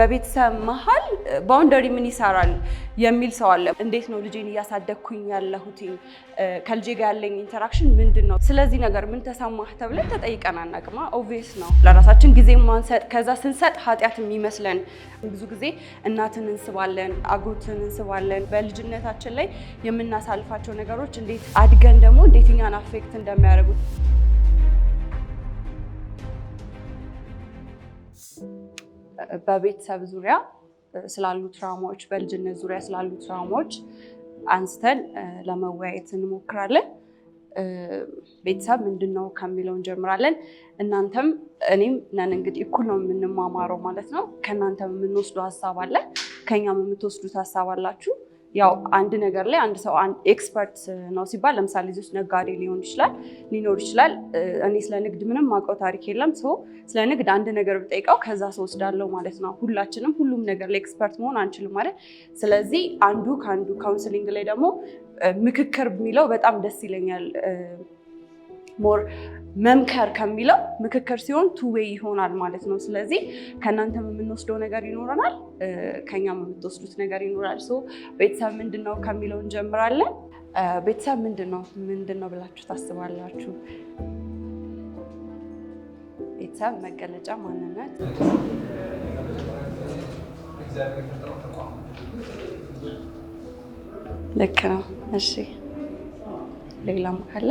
በቤተሰብ መሀል ባውንደሪ ምን ይሰራል የሚል ሰው አለ። እንዴት ነው ልጄን እያሳደግኩኝ ያለሁት? ከልጄ ጋር ያለኝ ኢንተራክሽን ምንድን ነው? ስለዚህ ነገር ምን ተሰማህ ተብለን ተጠይቀን አናቅማ። ኦብቪየስ ነው ለራሳችን ጊዜ ማንሰጥ፣ ከዛ ስንሰጥ ኃጢአት የሚመስለን ብዙ ጊዜ እናትን እንስባለን፣ አጎትን እንስባለን። በልጅነታችን ላይ የምናሳልፋቸው ነገሮች እንዴት አድገን ደግሞ እንዴት እኛን አፌክት እንደሚያደርጉት በቤተሰብ ዙሪያ ስላሉ ትራውማዎች፣ በልጅነት ዙሪያ ስላሉ ትራውማዎች አንስተን ለመወያየት እንሞክራለን። ቤተሰብ ምንድን ነው ከሚለው እንጀምራለን። እናንተም እኔም ነን እንግዲህ እኩል ነው የምንማማረው ማለት ነው። ከእናንተም የምንወስዱ ሀሳብ አለ፣ ከኛም የምትወስዱት ሀሳብ አላችሁ። ያው አንድ ነገር ላይ አንድ ሰው ኤክስፐርት ነው ሲባል ለምሳሌ እዚህ ውስጥ ነጋዴ ሊሆን ይችላል ሊኖር ይችላል። እኔ ስለ ንግድ ምንም ማውቀው ታሪክ የለም። ሰው ስለ ንግድ አንድ ነገር ብጠይቀው ከዛ ሰው ወስዳለው ማለት ነው። ሁላችንም ሁሉም ነገር ላይ ኤክስፐርት መሆን አንችልም ማለት። ስለዚህ አንዱ ከአንዱ ካውንስሊንግ ላይ ደግሞ ምክክር የሚለው በጣም ደስ ይለኛል። ሞር መምከር ከሚለው ምክክር ሲሆን ቱዌ ይሆናል ማለት ነው። ስለዚህ ከእናንተ የምንወስደው ነገር ይኖረናል፣ ከኛም የምትወስዱት ነገር ይኖራል። ሶ ቤተሰብ ምንድን ነው ከሚለው እንጀምራለን። ቤተሰብ ምንድን ነው ምንድን ነው ብላችሁ ታስባላችሁ? ቤተሰብ መገለጫ ማንነት ልክ ነው። እሺ ሌላም ካለ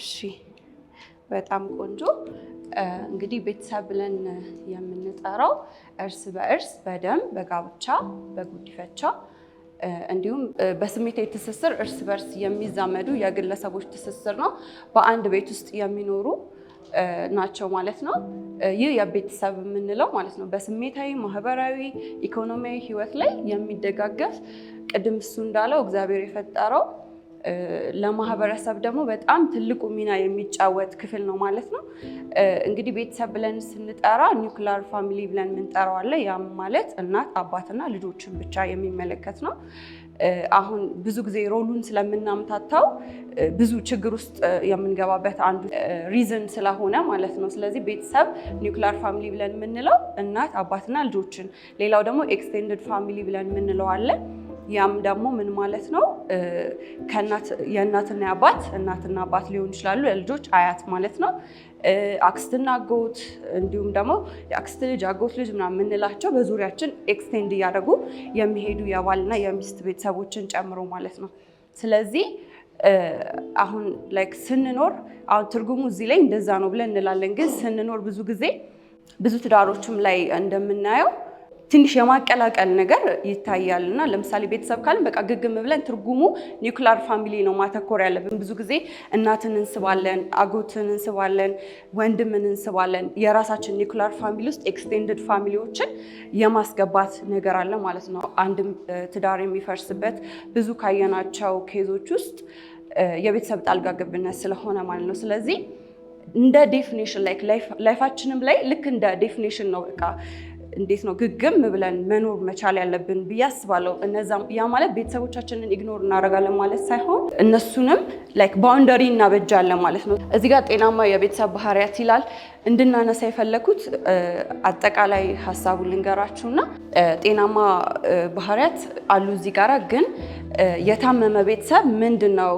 እሺ በጣም ቆንጆ እንግዲህ ቤተሰብ ብለን የምንጠራው እርስ በእርስ በደም በጋብቻ በጉዲፈቻ እንዲሁም በስሜታዊ ትስስር እርስ በርስ የሚዛመዱ የግለሰቦች ትስስር ነው። በአንድ ቤት ውስጥ የሚኖሩ ናቸው ማለት ነው። ይህ የቤተሰብ የምንለው ማለት ነው። በስሜታዊ፣ ማህበራዊ፣ ኢኮኖሚያዊ ህይወት ላይ የሚደጋገፍ ቅድም እሱ እንዳለው እግዚአብሔር የፈጠረው ለማህበረሰብ ደግሞ በጣም ትልቁ ሚና የሚጫወት ክፍል ነው ማለት ነው። እንግዲህ ቤተሰብ ብለን ስንጠራ ኒውክሊየር ፋሚሊ ብለን የምንጠራው አለ። ያም ማለት እናት አባትና ልጆችን ብቻ የሚመለከት ነው። አሁን ብዙ ጊዜ ሮሉን ስለምናምታታው ብዙ ችግር ውስጥ የምንገባበት አንዱ ሪዝን ስለሆነ ማለት ነው። ስለዚህ ቤተሰብ ኒውክሊየር ፋሚሊ ብለን የምንለው እናት አባትና ልጆችን፣ ሌላው ደግሞ ኤክስቴንድድ ፋሚሊ ብለን የምንለው አለን። ያም ደግሞ ምን ማለት ነው? የእናትና አባት እናትና አባት ሊሆን ይችላሉ፣ ለልጆች አያት ማለት ነው። አክስትና አጎት እንዲሁም ደግሞ የአክስት ልጅ አጎት ልጅ ምናምን የምንላቸው በዙሪያችን ኤክስቴንድ እያደረጉ የሚሄዱ የባልና የሚስት ቤተሰቦችን ጨምሮ ማለት ነው። ስለዚህ አሁን ላይክ ስንኖር አሁን ትርጉሙ እዚህ ላይ እንደዛ ነው ብለን እንላለን፣ ግን ስንኖር ብዙ ጊዜ ብዙ ትዳሮችም ላይ እንደምናየው ትንሽ የማቀላቀል ነገር ይታያል እና ለምሳሌ ቤተሰብ ካለን በቃ ግግም ብለን ትርጉሙ ኒውክሊር ፋሚሊ ነው ማተኮር ያለብን። ብዙ ጊዜ እናትን እንስባለን፣ አጎትን እንስባለን፣ ወንድምን እንስባለን። የራሳችን ኒውክሊር ፋሚሊ ውስጥ ኤክስቴንድድ ፋሚሊዎችን የማስገባት ነገር አለ ማለት ነው። አንድ ትዳር የሚፈርስበት ብዙ ካየናቸው ኬዞች ውስጥ የቤተሰብ ጣልቃ ገብነት ስለሆነ ማለት ነው። ስለዚህ እንደ ዴፊኔሽን ላይክ ላይፋችንም ላይ ልክ እንደ ዴፊኔሽን ነው በቃ እንዴት ነው ግግም ብለን መኖር መቻል ያለብን ብዬ አስባለሁ። እነዛም ያ ማለት ቤተሰቦቻችንን ኢግኖር እናደርጋለን ማለት ሳይሆን እነሱንም ላይክ ባውንደሪ እናበጃለን ማለት ነው። እዚህ ጋር ጤናማ የቤተሰብ ባህሪያት ይላል እንድናነሳ የፈለኩት አጠቃላይ ሀሳቡ ልንገራችሁና ጤናማ ባህሪያት አሉ እዚህ ጋራ ግን የታመመ ቤተሰብ ምንድን ነው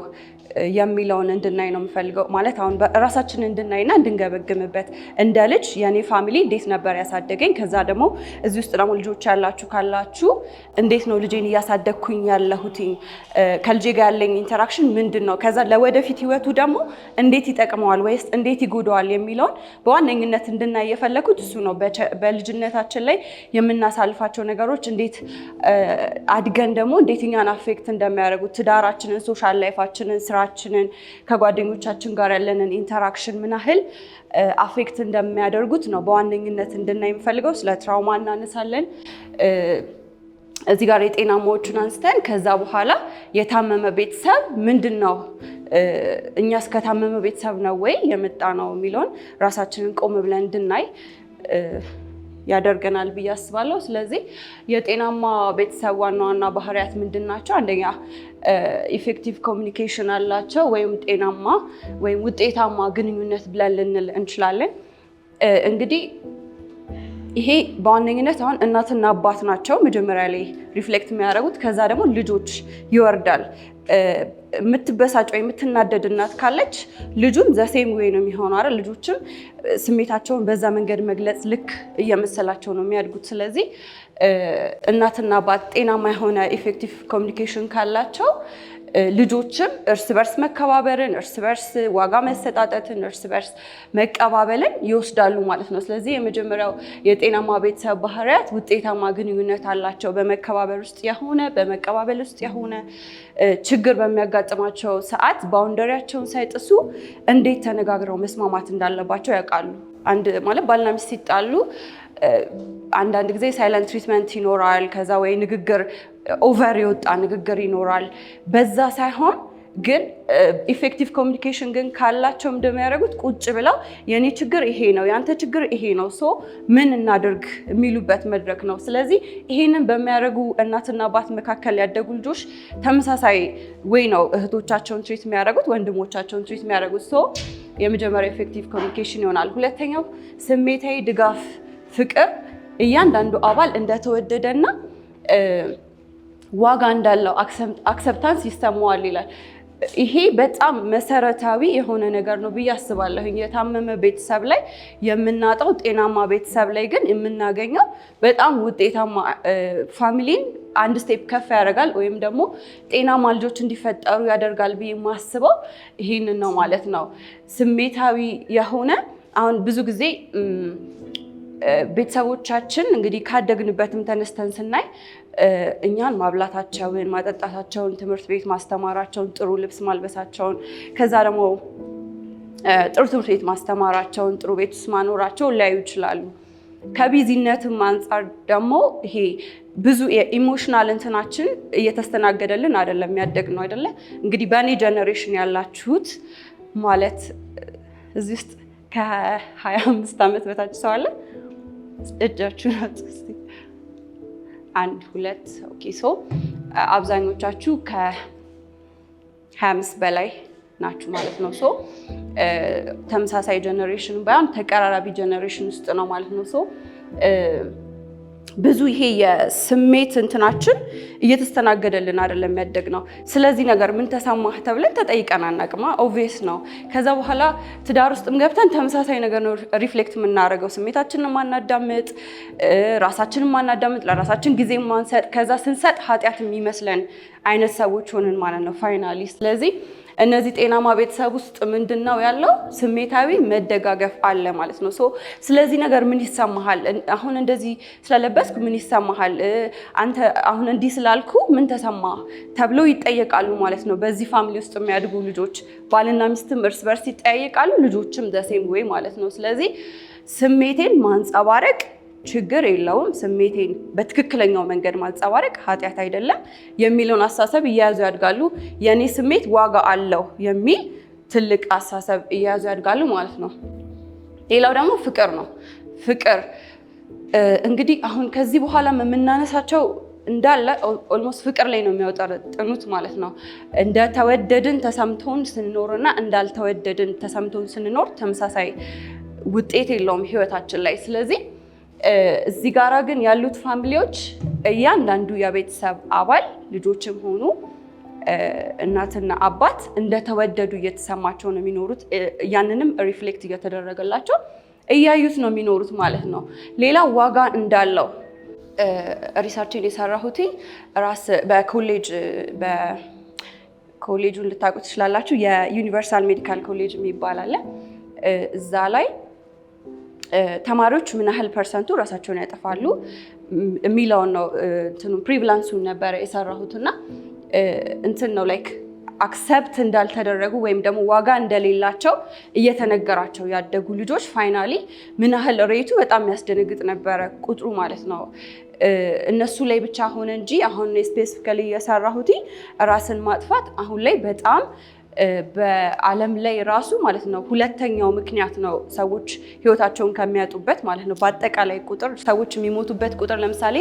የሚለውን እንድናይ ነው የምፈልገው። ማለት አሁን ራሳችንን እንድናይና እንድንገበግምበት እንደ ልጅ የኔ ፋሚሊ እንዴት ነበር ያሳደገኝ፣ ከዛ ደግሞ እዚህ ውስጥ ደግሞ ልጆች ያላችሁ ካላችሁ እንዴት ነው ልጄን እያሳደግኩኝ ያለሁትኝ፣ ከልጄ ጋር ያለኝ ኢንተራክሽን ምንድን ነው፣ ከዛ ለወደፊት ህይወቱ ደግሞ እንዴት ይጠቅመዋል ወይስ እንዴት ይጎደዋል የሚለውን በዋነኝነት እንድናይ የፈለግኩት እሱ ነው። በልጅነታችን ላይ የምናሳልፋቸው ነገሮች እንዴት አድገን ደግሞ እንዴት እኛን አፌክት እንደሚያደርጉት ትዳራችንን፣ ሶሻል ላይፋችንን፣ ስራ ስራችንን ከጓደኞቻችን ጋር ያለንን ኢንተራክሽን ምን ያህል አፌክት እንደሚያደርጉት ነው በዋነኝነት እንድናይ የምፈልገው። ስለ ትራውማ እናነሳለን። እዚህ ጋር የጤናማዎቹን አንስተን ከዛ በኋላ የታመመ ቤተሰብ ምንድን ነው እኛስ ከታመመ ቤተሰብ ነው ወይ የመጣ ነው የሚለውን ራሳችንን ቆም ብለን እንድናይ ያደርገናል ብዬ አስባለሁ። ስለዚህ የጤናማ ቤተሰብ ዋና ዋና ባህሪያት ምንድን ናቸው? አንደኛ ኢፌክቲቭ uh, ኮሚኒኬሽን አላቸው ወይም ጤናማ ወይም ውጤታማ ግንኙነት ብለን ልንል እንችላለን። uh, እንግዲህ ይሄ በዋነኝነት አሁን እናትና አባት ናቸው መጀመሪያ ላይ ሪፍሌክት የሚያደርጉት፣ ከዛ ደግሞ ልጆች ይወርዳል። uh, የምትበሳጭ ወይ የምትናደድ እናት ካለች ልጁም ዘሴም ወይ ነው የሚሆነው አይደል? ልጆችም ስሜታቸውን በዛ መንገድ መግለጽ ልክ እየመሰላቸው ነው የሚያድጉት። ስለዚህ እናትና አባት ጤናማ የሆነ ኢፌክቲቭ ኮሚኒኬሽን ካላቸው ልጆችም እርስ በርስ መከባበርን፣ እርስ በርስ ዋጋ መሰጣጠትን፣ እርስ በርስ መቀባበልን ይወስዳሉ ማለት ነው። ስለዚህ የመጀመሪያው የጤናማ ቤተሰብ ባህሪያት ውጤታማ ግንኙነት አላቸው። በመከባበር ውስጥ የሆነ በመቀባበል ውስጥ የሆነ ችግር በሚያጋጥማቸው ሰዓት ባውንደሪያቸውን ሳይጥሱ እንዴት ተነጋግረው መስማማት እንዳለባቸው ያውቃሉ። አንድ ማለት ባልና ሚስት ሲጣሉ አንዳንድ ጊዜ ሳይለንት ትሪትመንት ይኖራል። ከዛ ወይ ንግግር ኦቨር የወጣ ንግግር ይኖራል። በዛ ሳይሆን ግን ኢፌክቲቭ ኮሚኒኬሽን ግን ካላቸው እንደሚያደርጉት ቁጭ ብለው የኔ ችግር ይሄ ነው፣ ያንተ ችግር ይሄ ነው፣ ሶ ምን እናድርግ የሚሉበት መድረክ ነው። ስለዚህ ይሄንን በሚያደርጉ እናትና አባት መካከል ያደጉ ልጆች ተመሳሳይ ወይ ነው እህቶቻቸውን ትሪት የሚያደርጉት ወንድሞቻቸውን ትሪት የሚያደርጉት ሶ የመጀመሪያ ኢፌክቲቭ ኮሚኒኬሽን ይሆናል። ሁለተኛው ስሜታዊ ድጋፍ ፍቅር እያንዳንዱ አባል እንደተወደደና ዋጋ እንዳለው አክሰፕታንስ ይሰማዋል ይላል። ይሄ በጣም መሰረታዊ የሆነ ነገር ነው ብዬ አስባለሁኝ። የታመመ ቤተሰብ ላይ የምናጣው፣ ጤናማ ቤተሰብ ላይ ግን የምናገኘው በጣም ውጤታማ ፋሚሊን አንድ ስቴፕ ከፍ ያደርጋል ወይም ደግሞ ጤናማ ልጆች እንዲፈጠሩ ያደርጋል ብዬ የማስበው ይህንን ነው ማለት ነው። ስሜታዊ የሆነ አሁን ብዙ ጊዜ ቤተሰቦቻችን እንግዲህ ካደግንበትም ተነስተን ስናይ እኛን ማብላታቸውን፣ ማጠጣታቸውን፣ ትምህርት ቤት ማስተማራቸውን፣ ጥሩ ልብስ ማልበሳቸውን ከዛ ደግሞ ጥሩ ትምህርት ቤት ማስተማራቸውን፣ ጥሩ ቤት ውስጥ ማኖራቸውን ሊያዩ ይችላሉ። ከቢዚነትም አንጻር ደግሞ ይሄ ብዙ የኢሞሽናል እንትናችን እየተስተናገደልን አይደለም የሚያደግ ነው አይደለ? እንግዲህ በእኔ ጀነሬሽን ያላችሁት ማለት እዚህ ውስጥ ከ25 ዓመት በታች ሰው እጃችሁን አጽስቲ። አንድ ሁለት። ኦኬ ሶ አብዛኞቻችሁ ከ25 በላይ ናችሁ ማለት ነው። ሶ ተመሳሳይ ጀኔሬሽን ባይሆን ተቀራራቢ ጀነሬሽን ውስጥ ነው ማለት ነው ሶ ብዙ ይሄ የስሜት እንትናችን እየተስተናገደልን አይደለም ያደግ ነው። ስለዚህ ነገር ምን ተሰማህ ተብለን ተጠይቀን አናቅማ። ኦብቪየስ ነው። ከዛ በኋላ ትዳር ውስጥም ገብተን ተመሳሳይ ነገር ነው ሪፍሌክት የምናደርገው። ስሜታችንን ማናዳምጥ፣ ራሳችንን ማናዳምጥ፣ ለራሳችን ጊዜ ማንሰጥ፣ ከዛ ስንሰጥ ኃጢአት የሚመስለን አይነት ሰዎች ሆንን ማለት ነው ፋይናሊ። ስለዚህ እነዚህ ጤናማ ቤተሰብ ውስጥ ምንድን ነው ያለው? ስሜታዊ መደጋገፍ አለ ማለት ነው። ሶ ስለዚህ ነገር ምን ይሰማሃል? አሁን እንደዚህ ስለለበስኩ ምን ይሰማሃል? አንተ አሁን እንዲህ ስላልኩ ምን ተሰማ ተብለው ይጠየቃሉ ማለት ነው። በዚህ ፋሚሊ ውስጥ የሚያድጉ ልጆች ባልና ሚስትም እርስ በርስ ይጠያየቃሉ፣ ልጆችም ዘሴም ወይ ማለት ነው። ስለዚህ ስሜቴን ማንጸባረቅ ችግር የለውም፣ ስሜቴን በትክክለኛው መንገድ ማንጸባረቅ ኃጢአት አይደለም የሚለውን አስተሳሰብ እየያዙ ያድጋሉ። የእኔ ስሜት ዋጋ አለው የሚል ትልቅ አስተሳሰብ እየያዙ ያድጋሉ ማለት ነው። ሌላው ደግሞ ፍቅር ነው። ፍቅር እንግዲህ አሁን ከዚህ በኋላ የምናነሳቸው እንዳለ ኦልሞስት ፍቅር ላይ ነው የሚያወጠርጥኑት ማለት ነው። እንደተወደድን ተሰምቶን ስንኖርና እንዳልተወደድን ተሰምቶን ስንኖር ተመሳሳይ ውጤት የለውም ህይወታችን ላይ ስለዚህ እዚህ ጋራ ግን ያሉት ፋሚሊዎች እያንዳንዱ የቤተሰብ አባል ልጆችም ሆኑ እናትና አባት እንደተወደዱ እየተሰማቸው ነው የሚኖሩት። ያንንም ሪፍሌክት እየተደረገላቸው እያዩት ነው የሚኖሩት ማለት ነው። ሌላ ዋጋ እንዳለው ሪሰርችን የሰራሁት ራስ በኮሌጅ በኮሌጁን ልታውቁት ትችላላችሁ። የዩኒቨርሳል ሜዲካል ኮሌጅ የሚባል አለ እዛ ላይ ተማሪዎች ምን ያህል ፐርሰንቱ ራሳቸውን ያጠፋሉ የሚለውን ነው ፕሪቫላንሱን ነበረ የሰራሁት እና እንትን ነው ላይክ አክሰፕት እንዳልተደረጉ ወይም ደግሞ ዋጋ እንደሌላቸው እየተነገራቸው ያደጉ ልጆች ፋይናሊ ምን ያህል ሬቱ በጣም የሚያስደነግጥ ነበረ ቁጥሩ ማለት ነው። እነሱ ላይ ብቻ ሆነ እንጂ አሁን ስፔሲፊካሊ የሰራሁት ራስን ማጥፋት አሁን ላይ በጣም በዓለም ላይ ራሱ ማለት ነው ሁለተኛው ምክንያት ነው ሰዎች ህይወታቸውን ከሚያጡበት ማለት ነው። በአጠቃላይ ቁጥር ሰዎች የሚሞቱበት ቁጥር ለምሳሌ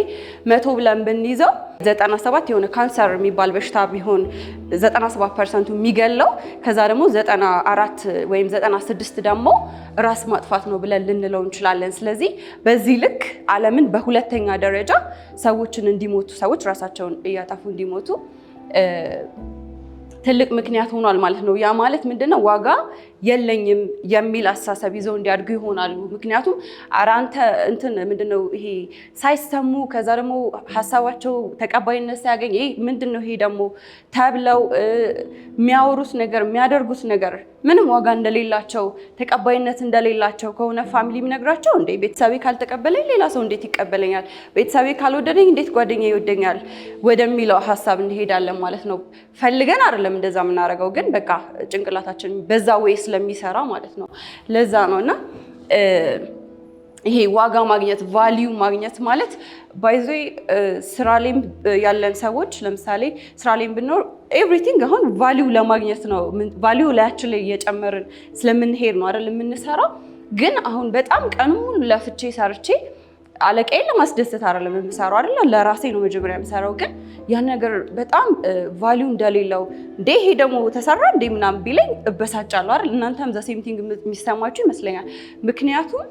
መቶ ብለን ብንይዘው 97 የሆነ ካንሰር የሚባል በሽታ ቢሆን 97 ፐርሰንቱ የሚገለው ከዛ ደግሞ 94 ወይም 96 ደግሞ ራስ ማጥፋት ነው ብለን ልንለው እንችላለን። ስለዚህ በዚህ ልክ ዓለምን በሁለተኛ ደረጃ ሰዎችን እንዲሞቱ ሰዎች ራሳቸውን እያጠፉ እንዲሞቱ ትልቅ ምክንያት ሆኗል ማለት ነው። ያ ማለት ምንድነው ዋጋ የለኝም የሚል አስተሳሰብ ይዘው እንዲያድጉ ይሆናሉ። ምክንያቱም ኧረ አንተ እንትን ምንድነው ይሄ ሳይሰሙ ከዛ ደግሞ ሀሳባቸው ተቀባይነት ሳያገኝ ይሄ ምንድነው ይሄ ደግሞ ተብለው የሚያወሩት ነገር የሚያደርጉት ነገር ምንም ዋጋ እንደሌላቸው ተቀባይነት እንደሌላቸው ከሆነ ፋሚሊ የሚነግራቸው እንደ ቤተሰቤ ካልተቀበለኝ ሌላ ሰው እንዴት ይቀበለኛል? ቤተሰቤ ካልወደደኝ እንዴት ጓደኛ ይወደኛል? ወደሚለው ሀሳብ እንሄዳለን ማለት ነው። ፈልገን አይደለም እንደዛ የምናደርገው፣ ግን በቃ ጭንቅላታችን በዛ ወይስ ስለሚሰራ ማለት ነው። ለዛ ነው እና ይሄ ዋጋ ማግኘት ቫሊዩ ማግኘት ማለት ባይዘይ ስራ ላይም ያለን ሰዎች ለምሳሌ ስራ ላይም ብንኖር ኤቭሪቲንግ አሁን ቫሊዩ ለማግኘት ነው። ቫሊዩ ላያችን ላይ እየጨመርን ስለምንሄድ ነው አይደል የምንሰራው። ግን አሁን በጣም ቀኑን ለፍቼ ሰርቼ አለቃዬን ለማስደሰት አይደለም የምሰራው አይደለ፣ ለራሴ ነው መጀመሪያ የምሰራው። ግን ያን ነገር በጣም ቫሊዩ እንደሌለው እንዴ ይሄ ደግሞ ተሰራ እንዴ ምናምን ቢለኝ እበሳጫለሁ አይደል። እናንተም ዘሴምቲንግ የሚሰማችሁ ይመስለኛል። ምክንያቱም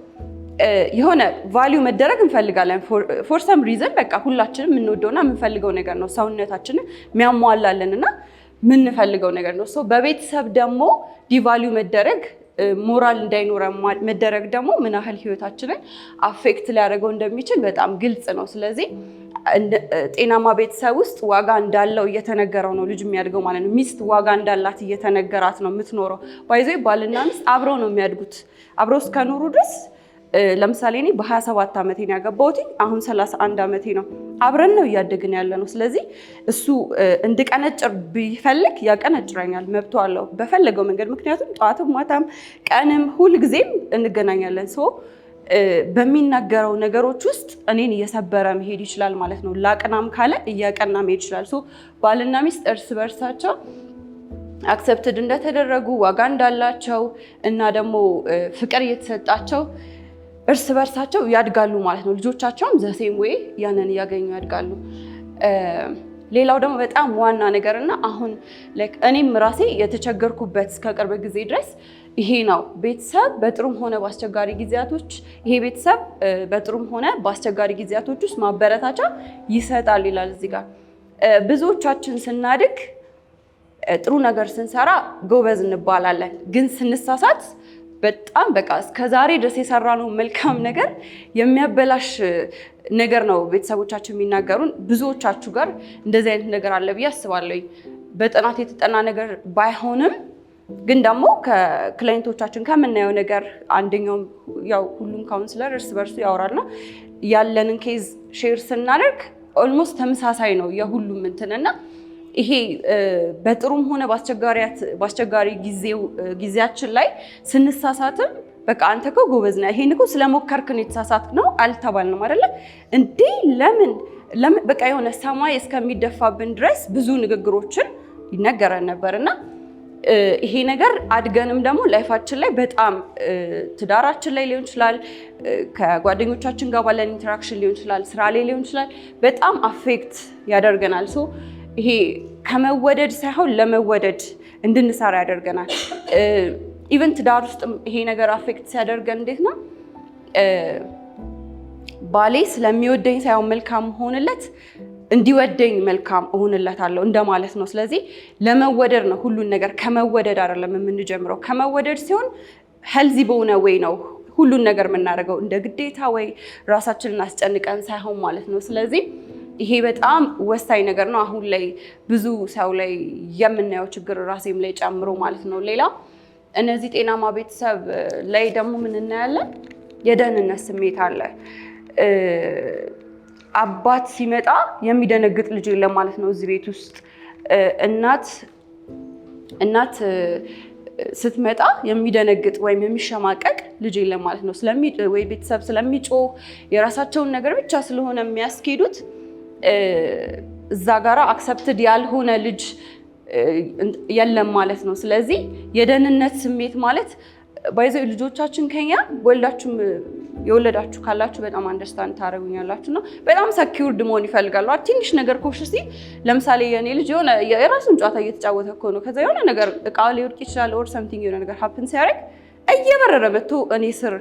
የሆነ ቫሊዩ መደረግ እንፈልጋለን። ፎር ሰም ሪዘን። በቃ ሁላችንም የምንወደውና የምንፈልገው ነገር ነው ሰውነታችንን የሚያሟላልን እና የምንፈልገው ነገር ነው። በቤተሰብ ደግሞ ዲቫሊዩ መደረግ ሞራል እንዳይኖረ መደረግ ደግሞ ምን ያህል ህይወታችንን አፌክት ሊያደርገው እንደሚችል በጣም ግልጽ ነው። ስለዚህ ጤናማ ቤተሰብ ውስጥ ዋጋ እንዳለው እየተነገረው ነው ልጅ የሚያድገው ማለት ነው። ሚስት ዋጋ እንዳላት እየተነገራት ነው የምትኖረው። ባይዘ ባልና ሚስት አብረው ነው የሚያድጉት አብረው እስከኖሩ ድረስ ለምሳሌ እኔ በ27 ዓመቴ ነው ያገባሁት። አሁን 31 ዓመቴ ነው። አብረን ነው እያደግን ያለ ነው። ስለዚህ እሱ እንድቀነጭር ቢፈልግ ያቀነጭረኛል፣ መብቶ አለው በፈለገው መንገድ። ምክንያቱም ጠዋትም፣ ማታም፣ ቀንም ሁልጊዜም እንገናኛለን። ሰው በሚናገረው ነገሮች ውስጥ እኔን እየሰበረ መሄድ ይችላል ማለት ነው። ላቅናም ካለ እያቀና መሄድ ይችላል። ባልና ሚስት እርስ በርሳቸው አክሰፕትድ እንደተደረጉ ዋጋ እንዳላቸው እና ደግሞ ፍቅር እየተሰጣቸው እርስ በርሳቸው ያድጋሉ ማለት ነው። ልጆቻቸውም ዘሴም ወይ ያንን እያገኙ ያድጋሉ። ሌላው ደግሞ በጣም ዋና ነገር እና አሁን እኔም ራሴ የተቸገርኩበት እስከ ቅርብ ጊዜ ድረስ ይሄ ነው። ቤተሰብ በጥሩም ሆነ በአስቸጋሪ ጊዜያቶች ይሄ ቤተሰብ በጥሩም ሆነ በአስቸጋሪ ጊዜያቶች ውስጥ ማበረታቻ ይሰጣል ይላል እዚህ ጋር። ብዙዎቻችን ስናድግ ጥሩ ነገር ስንሰራ ጎበዝ እንባላለን፣ ግን ስንሳሳት በጣም በቃ እስከዛሬ ድረስ የሰራነው መልካም ነገር የሚያበላሽ ነገር ነው ቤተሰቦቻቸው የሚናገሩን። ብዙዎቻችሁ ጋር እንደዚህ አይነት ነገር አለ ብዬ አስባለሁ። በጥናት የተጠና ነገር ባይሆንም ግን ደግሞ ከክላይንቶቻችን ከምናየው ነገር አንደኛውም ያው ሁሉም ካውንስለር እርስ በርሱ ያወራልና ያለንን ኬዝ ሼር ስናደርግ ኦልሞስት ተመሳሳይ ነው የሁሉም እንትን ይሄ በጥሩም ሆነ በአስቸጋሪ ጊዜያችን ላይ ስንሳሳትም በቃ አንተ እኮ ጎበዝ ነህ፣ ይሄን እኮ ስለሞከርክ ነው የተሳሳትክ ነው አልተባልንም አይደለ እንዴ? ለምን ለምን በቃ የሆነ ሰማይ እስከሚደፋብን ድረስ ብዙ ንግግሮችን ይነገረን ነበር እና ይሄ ነገር አድገንም ደግሞ ላይፋችን ላይ በጣም ትዳራችን ላይ ሊሆን ይችላል፣ ከጓደኞቻችን ጋር ባለን ኢንተራክሽን ሊሆን ይችላል፣ ስራ ላይ ሊሆን ይችላል፣ በጣም አፌክት ያደርገናል። ይሄ ከመወደድ ሳይሆን ለመወደድ እንድንሰራ ያደርገናል። ኢቨን ትዳር ውስጥ ይሄ ነገር አፌክት ሲያደርገን እንዴት ነው ባሌ ስለሚወደኝ ሳይሆን መልካም ሆንለት እንዲወደኝ መልካም እሆንለታለሁ እንደማለት ነው። ስለዚህ ለመወደድ ነው ሁሉን ነገር ከመወደድ አይደለም የምንጀምረው። ከመወደድ ሲሆን ሄልዚ በሆነ ወይ ነው ሁሉን ነገር የምናደርገው እንደ ግዴታ ወይ ራሳችንን አስጨንቀን ሳይሆን ማለት ነው። ስለዚህ ይሄ በጣም ወሳኝ ነገር ነው። አሁን ላይ ብዙ ሰው ላይ የምናየው ችግር ራሴም ላይ ጨምሮ ማለት ነው። ሌላ እነዚህ ጤናማ ቤተሰብ ላይ ደግሞ ምን እናያለን? የደህንነት ስሜት አለ። አባት ሲመጣ የሚደነግጥ ልጅ የለም ማለት ነው እዚህ ቤት ውስጥ እናት እናት ስትመጣ የሚደነግጥ ወይም የሚሸማቀቅ ልጅ የለም ማለት ነው። ወይ ቤተሰብ ስለሚጮህ የራሳቸውን ነገር ብቻ ስለሆነ የሚያስኬዱት እዛ ጋራ አክሰፕትድ ያልሆነ ልጅ የለም ማለት ነው። ስለዚህ የደህንነት ስሜት ማለት ባይዘ ልጆቻችን ከኛ ወልዳችሁም የወለዳችሁ ካላችሁ በጣም አንደርስታንድ ታደረጉኛላችሁ ነው። በጣም ሰኪውርድ መሆን ይፈልጋሉ። ትንሽ ነገር ኮሽ ሲል ለምሳሌ የኔ ልጅ የሆነ የራሱን ጨዋታ እየተጫወተ እኮ ነው። ከዛ የሆነ ነገር እቃ ሊወድቅ ይችላል ኦር ሰምቲንግ የሆነ ነገር ሀፕን ሲያደርግ እየበረረ መቶ እኔ ስር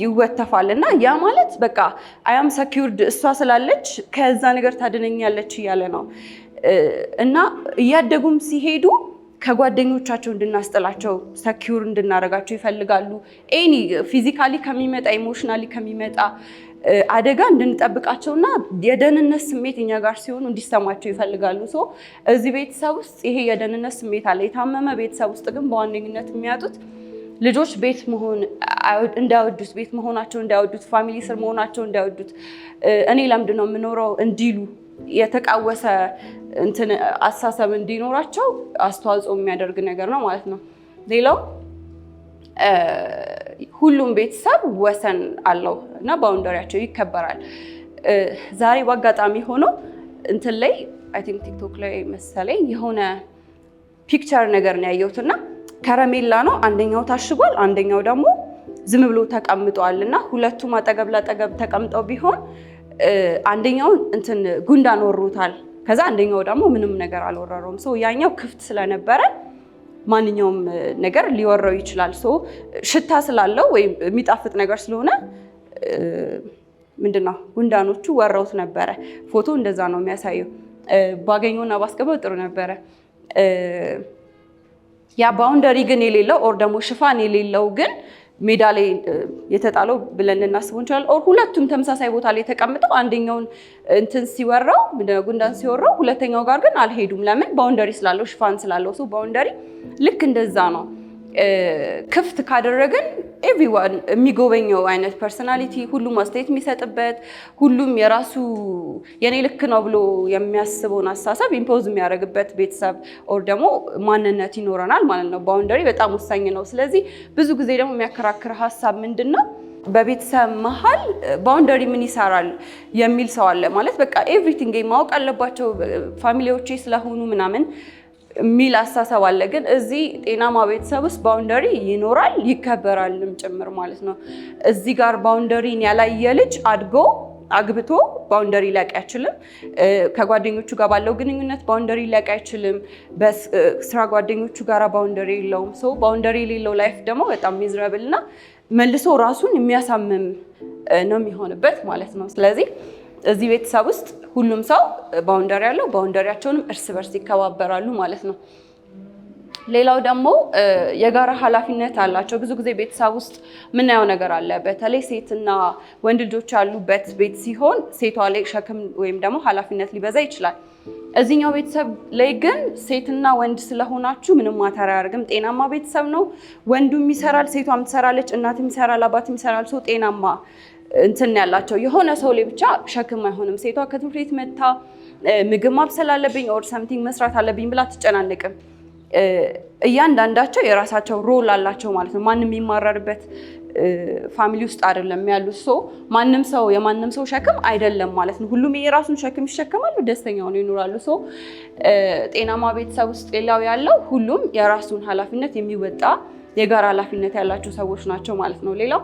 ይወተፋል እና ያ ማለት በቃ አያም ሰኪውርድ እሷ ስላለች ከዛ ነገር ታድነኛለች እያለ ነው እና እያደጉም ሲሄዱ ከጓደኞቻቸው እንድናስጥላቸው ሰኪውር እንድናረጋቸው ይፈልጋሉ። ኤኒ ፊዚካሊ ከሚመጣ ኢሞሽናሊ ከሚመጣ አደጋ እንድንጠብቃቸውና የደህንነት ስሜት እኛ ጋር ሲሆኑ እንዲሰማቸው ይፈልጋሉ። ሶ እዚህ ቤተሰብ ውስጥ ይሄ የደህንነት ስሜት አለ። የታመመ ቤተሰብ ውስጥ ግን በዋነኝነት የሚያጡት ልጆች ቤት መሆን እንዳይወዱት ቤት መሆናቸው እንዳይወዱት ፋሚሊ ስር መሆናቸው እንዳይወዱት እኔ ለምንድን ነው የምኖረው እንዲሉ የተቃወሰ እንትን አሳሰብ እንዲኖራቸው አስተዋጽኦ የሚያደርግ ነገር ነው ማለት ነው። ሌላው ሁሉም ቤተሰብ ወሰን አለው እና ባውንደሪያቸው ይከበራል። ዛሬ በአጋጣሚ ሆኖ እንትን ላይ አይ ቲንክ ቲክቶክ ላይ መሰለኝ የሆነ ፒክቸር ነገር ነው ያየሁት እና ከረሜላ ነው። አንደኛው ታሽጓል፣ አንደኛው ደግሞ ዝም ብሎ ተቀምጧል እና ሁለቱም አጠገብ ለጠገብ ተቀምጠው ቢሆን አንደኛው እንትን ጉንዳን ወሮታል። ከዛ አንደኛው ደግሞ ምንም ነገር አልወረረውም። ሰው ያኛው ክፍት ስለነበረ ማንኛውም ነገር ሊወረው ይችላል። ሰው ሽታ ስላለው ወይም የሚጣፍጥ ነገር ስለሆነ ምንድነው ጉንዳኖቹ ወረውት ነበረ። ፎቶ እንደዛ ነው የሚያሳየው። ባገኘውና ባስገባው ጥሩ ነበረ። ያ ባውንደሪ ግን የሌለው ኦር ደግሞ ሽፋን የሌለው ግን ሜዳ ላይ የተጣለው ብለን እናስቡ እንችላለን። ኦር ሁለቱም ተመሳሳይ ቦታ ላይ ተቀምጠው አንደኛውን እንትን ሲወራው ጉንዳን ሲወራው ሁለተኛው ጋር ግን አልሄዱም። ለምን? ባውንደሪ ስላለው ሽፋን ስላለው። ሰው ባውንደሪ ልክ እንደዛ ነው። ክፍት ካደረግን ኤቭሪዋን የሚጎበኘው አይነት ፐርሰናሊቲ ሁሉም አስተያየት የሚሰጥበት ሁሉም የራሱ የኔ ልክ ነው ብሎ የሚያስበውን አስተሳሰብ ኢምፖዝ የሚያደርግበት ቤተሰብ ኦር ደግሞ ማንነት ይኖረናል ማለት ነው። ባውንደሪ በጣም ወሳኝ ነው። ስለዚህ ብዙ ጊዜ ደግሞ የሚያከራክር ሀሳብ ምንድን ነው? በቤተሰብ መሀል ባውንደሪ ምን ይሰራል የሚል ሰው አለ። ማለት በቃ ኤቭሪቲንግ ማወቅ አለባቸው ፋሚሊዎቼ ስለሆኑ ምናምን የሚል አስተሳሰብ አለ። ግን እዚህ ጤናማ ቤተሰብ ውስጥ ባውንደሪ ይኖራል ይከበራልም ጭምር ማለት ነው። እዚህ ጋር ባውንደሪን ያላየ ልጅ አድጎ አግብቶ ባውንደሪ ሊያቅ አይችልም። ከጓደኞቹ ጋር ባለው ግንኙነት ባውንደሪ ሊያቅ አይችልም። በስራ ጓደኞቹ ጋር ባውንደሪ የለውም። ሰው ባውንደሪ የሌለው ላይፍ ደግሞ በጣም ሚዝረብል እና መልሶ ራሱን የሚያሳምም ነው የሚሆንበት ማለት ነው። ስለዚህ እዚህ ቤተሰብ ውስጥ ሁሉም ሰው ባውንደሪ ያለው ባውንደሪያቸውንም እርስ በርስ ይከባበራሉ ማለት ነው። ሌላው ደግሞ የጋራ ኃላፊነት አላቸው። ብዙ ጊዜ ቤተሰብ ውስጥ ምናየው ነገር አለ። በተለይ ሴትና ወንድ ልጆች ያሉበት ቤት ሲሆን ሴቷ ላይ ሸክም ወይም ደግሞ ኃላፊነት ሊበዛ ይችላል። እዚህኛው ቤተሰብ ላይ ግን ሴትና ወንድ ስለሆናችሁ ምንም ማተር አያደርግም። ጤናማ ቤተሰብ ነው። ወንዱም ይሰራል፣ ሴቷም ትሰራለች፣ እናትም ይሰራል፣ አባትም ይሰራል። ሰው ጤናማ እንትን ያላቸው የሆነ ሰው ላይ ብቻ ሸክም አይሆንም። ሴቷ ከትምህርት ቤት መታ ምግብ ማብሰል አለብኝ ኦር ሰምቲንግ መስራት አለብኝ ብላ ትጨናነቅም እያንዳንዳቸው የራሳቸው ሮል አላቸው ማለት ነው። ማንም የሚማረርበት ፋሚሊ ውስጥ አይደለም ያሉት። ሰው ማንም ሰው የማንም ሰው ሸክም አይደለም ማለት ነው። ሁሉም የራሱን ሸክም ይሸከማሉ፣ ደስተኛ ሆነው ይኖራሉ። ሰው ጤናማ ቤተሰብ ውስጥ ሌላው ያለው ሁሉም የራሱን ኃላፊነት የሚወጣ የጋራ ኃላፊነት ያላቸው ሰዎች ናቸው ማለት ነው። ሌላው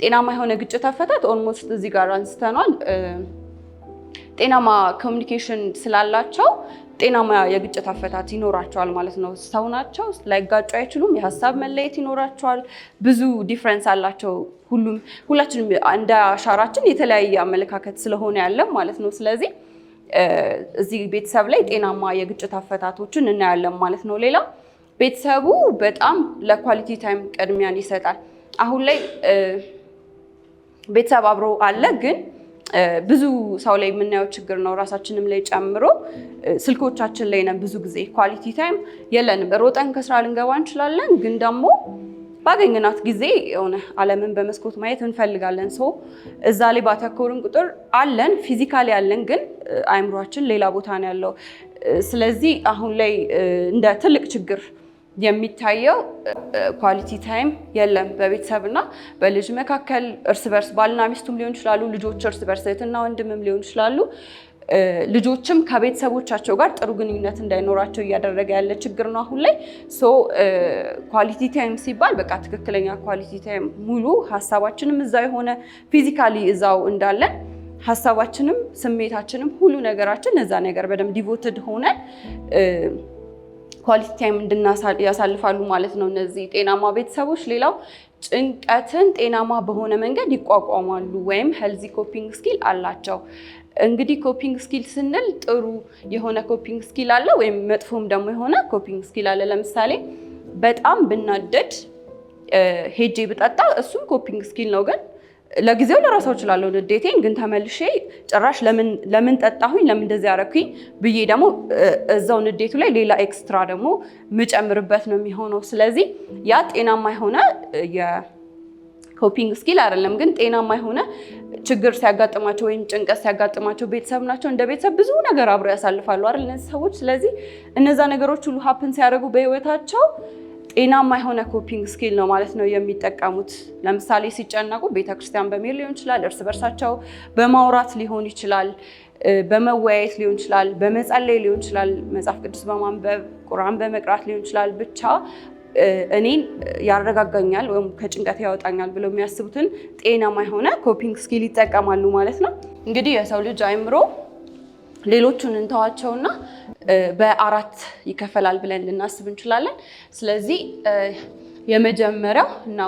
ጤናማ የሆነ ግጭት አፈታት ኦልሞስት እዚህ ጋር አንስተኗል። ጤናማ ኮሚኒኬሽን ስላላቸው ጤናማ የግጭት አፈታት ይኖራቸዋል ማለት ነው። ሰው ናቸው፣ ላይጋጩ አይችሉም። የሀሳብ መለየት ይኖራቸዋል። ብዙ ዲፍረንስ አላቸው። ሁሉም ሁላችንም እንደ አሻራችን የተለያየ አመለካከት ስለሆነ ያለም ማለት ነው። ስለዚህ እዚህ ቤተሰብ ላይ ጤናማ የግጭት አፈታቶችን እናያለን ማለት ነው። ሌላ ቤተሰቡ በጣም ለኳሊቲ ታይም ቅድሚያን ይሰጣል አሁን ላይ ቤተሰብ አብሮ አለ ግን ብዙ ሰው ላይ የምናየው ችግር ነው። ራሳችንም ላይ ጨምሮ ስልኮቻችን ላይ ነን። ብዙ ጊዜ ኳሊቲ ታይም የለንም። ሮጠን ከስራ ልንገባ እንችላለን፣ ግን ደግሞ ባገኝናት ጊዜ የሆነ አለምን በመስኮት ማየት እንፈልጋለን። ሰው እዛ ላይ ባተኮርን ቁጥር አለን፣ ፊዚካሊ አለን፣ ግን አእምሯችን ሌላ ቦታ ነው ያለው። ስለዚህ አሁን ላይ እንደ ትልቅ ችግር የሚታየው ኳሊቲ ታይም የለም። በቤተሰብና በልጅ መካከል እርስ በርስ ባልና ሚስቱም ሊሆን ይችላሉ። ልጆች እርስ በርስ እህትና ወንድምም ሊሆን ይችላሉ። ልጆችም ከቤተሰቦቻቸው ጋር ጥሩ ግንኙነት እንዳይኖራቸው እያደረገ ያለ ችግር ነው አሁን ላይ። ሶ ኳሊቲ ታይም ሲባል በቃ ትክክለኛ ኳሊቲ ታይም ሙሉ ሀሳባችንም እዛው የሆነ ፊዚካሊ እዛው እንዳለን ሀሳባችንም፣ ስሜታችንም፣ ሁሉ ነገራችን እዛ ነገር በደንብ ዲቮትድ ሆነን ኳሊቲ ታይም ያሳልፋሉ ማለት ነው። እነዚህ ጤናማ ቤተሰቦች ሌላው ጭንቀትን ጤናማ በሆነ መንገድ ይቋቋማሉ ወይም ሄልዚ ኮፒንግ ስኪል አላቸው። እንግዲህ ኮፒንግ ስኪል ስንል ጥሩ የሆነ ኮፒንግ ስኪል አለ ወይም መጥፎም ደግሞ የሆነ ኮፒንግ ስኪል አለ። ለምሳሌ በጣም ብናደድ ሄጄ ብጠጣ እሱም ኮፒንግ ስኪል ነው ግን ለጊዜው ለራሳው እችላለሁ ንዴቴን፣ ግን ተመልሼ ጭራሽ ለምን ጠጣሁኝ ለምን እንደዚህ ያረኩኝ ብዬ ደግሞ እዛው ንዴቱ ላይ ሌላ ኤክስትራ ደግሞ ምጨምርበት ነው የሚሆነው። ስለዚህ ያ ጤናማ የሆነ የኮፒንግ ስኪል አይደለም። ግን ጤናማ የሆነ ችግር ሲያጋጥማቸው ወይም ጭንቀት ሲያጋጥማቸው ቤተሰብ ናቸው እንደ ቤተሰብ ብዙ ነገር አብረው ያሳልፋሉ አይደል እነዚህ ሰዎች። ስለዚህ እነዛ ነገሮች ሁሉ ሀፕን ሲያደርጉ በህይወታቸው ጤናማ የሆነ ኮፒንግ ስኪል ነው ማለት ነው የሚጠቀሙት። ለምሳሌ ሲጨነቁ ቤተክርስቲያን በመሄድ ሊሆን ይችላል፣ እርስ በርሳቸው በማውራት ሊሆን ይችላል፣ በመወያየት ሊሆን ይችላል፣ በመጸለይ ሊሆን ይችላል፣ መጽሐፍ ቅዱስ በማንበብ ቁርአን በመቅራት ሊሆን ይችላል። ብቻ እኔን ያረጋጋኛል ወይም ከጭንቀት ያወጣኛል ብለው የሚያስቡትን ጤናማ የሆነ ኮፒንግ ስኪል ይጠቀማሉ ማለት ነው። እንግዲህ የሰው ልጅ አይምሮ ሌሎቹን እንተዋቸውና በአራት ይከፈላል ብለን ልናስብ እንችላለን። ስለዚህ የመጀመሪያው እና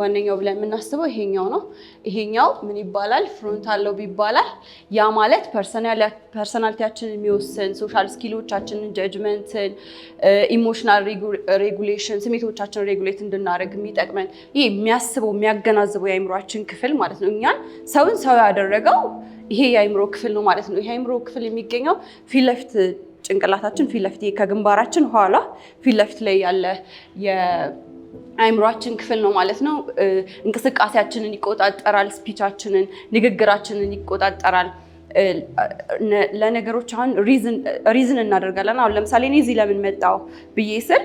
ዋነኛው ብለን የምናስበው ይሄኛው ነው። ይሄኛው ምን ይባላል? ፍሮንታል ሎብ ይባላል። ያ ማለት ፐርሰናሊቲያችንን የሚወስን ሶሻል ስኪሎቻችንን፣ ጀጅመንትን፣ ኢሞሽናል ሬጉሌሽን ስሜቶቻችንን ሬጉሌት እንድናደርግ የሚጠቅመን ይህ የሚያስበው የሚያገናዝበው የአይምሯችን ክፍል ማለት ነው። እኛን ሰውን ሰው ያደረገው ይሄ የአይምሮ ክፍል ነው ማለት ነው። ይሄ የአይምሮ ክፍል የሚገኘው ፊት ለፊት ጭንቅላታችን ፊት ለፊት ከግንባራችን ኋላ ፊት ለፊት ላይ ያለ አይምሯችን ክፍል ነው ማለት ነው። እንቅስቃሴያችንን ይቆጣጠራል። ስፒቻችንን፣ ንግግራችንን ይቆጣጠራል። ለነገሮች አሁን ሪዝን እናደርጋለን። አሁን ለምሳሌ እኔ እዚህ ለምን መጣው ብዬ ስል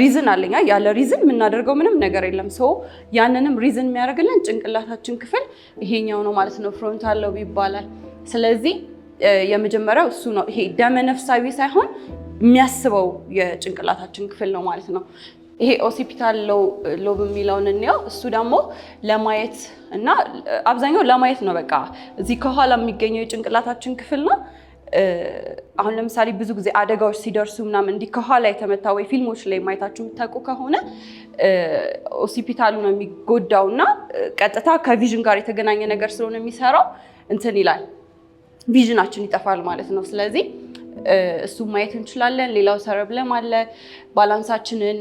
ሪዝን አለኛ ያለ ሪዝን የምናደርገው ምንም ነገር የለም። ሰው ያንንም ሪዝን የሚያደርግልን ጭንቅላታችን ክፍል ይሄኛው ነው ማለት ነው፣ ፍሮንታል ሎብ ይባላል። ስለዚህ የመጀመሪያው እሱ ነው። ይሄ ደመ ነፍሳዊ ሳይሆን የሚያስበው የጭንቅላታችን ክፍል ነው ማለት ነው። ይሄ ኦሲፒታል ሎብ የሚለውን እንየው። እሱ ደግሞ ለማየት እና አብዛኛው ለማየት ነው። በቃ እዚህ ከኋላ የሚገኘው የጭንቅላታችን ክፍል ነው። አሁን ለምሳሌ ብዙ ጊዜ አደጋዎች ሲደርሱ ምናምን እንዲህ ከኋላ የተመታ ወይ ፊልሞች ላይ ማየታችሁ የምታውቁ ከሆነ ኦሲፒታሉ ነው የሚጎዳው እና ቀጥታ ከቪዥን ጋር የተገናኘ ነገር ስለሆነ የሚሰራው እንትን ይላል፣ ቪዥናችን ይጠፋል ማለት ነው። ስለዚህ እሱ ማየት እንችላለን። ሌላው ሰረብለም አለ። ባላንሳችንን፣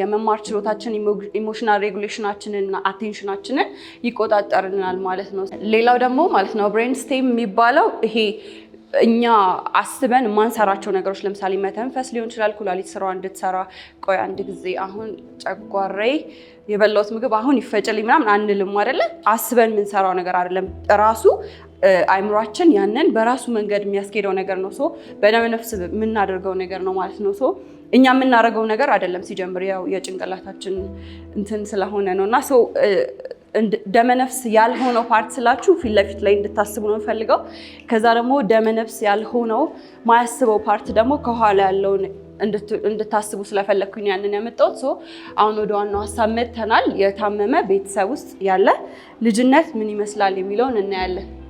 የመማር ችሎታችን ኢሞሽናል ሬጉሌሽናችንን እና አቴንሽናችንን ይቆጣጠርናል ማለት ነው። ሌላው ደግሞ ማለት ነው ብሬን ስቴም የሚባለው ይሄ እኛ አስበን የማንሰራቸው ነገሮች ለምሳሌ መተንፈስ ሊሆን ይችላል። ኩላሊት ስራ እንድትሰራ ቆይ አንድ ጊዜ አሁን ጨጓሬ የበላሁት ምግብ አሁን ይፈጭልኝ ምናምን አንልም አይደለ? አስበን የምንሰራው ነገር አይደለም። ራሱ አይምሯችን ያንን በራሱ መንገድ የሚያስኬደው ነገር ነው። ሶ በደመ ነፍስ የምናደርገው ነገር ነው ማለት ነው። ሶ እኛ የምናደርገው ነገር አይደለም። ሲጀምር ያው የጭንቅላታችን እንትን ስለሆነ ነው እና ደመነፍስ ያልሆነው ፓርት ስላችሁ ፊት ለፊት ላይ እንድታስቡ ነው የምፈልገው። ከዛ ደግሞ ደመነፍስ ያልሆነው ማያስበው ፓርት ደግሞ ከኋላ ያለውን እንድታስቡ ስለፈለግኩኝ ያንን ያመጣሁት። አሁን ወደ ዋናው ሀሳብ መጥተናል። የታመመ ቤተሰብ ውስጥ ያለ ልጅነት ምን ይመስላል የሚለውን እናያለን።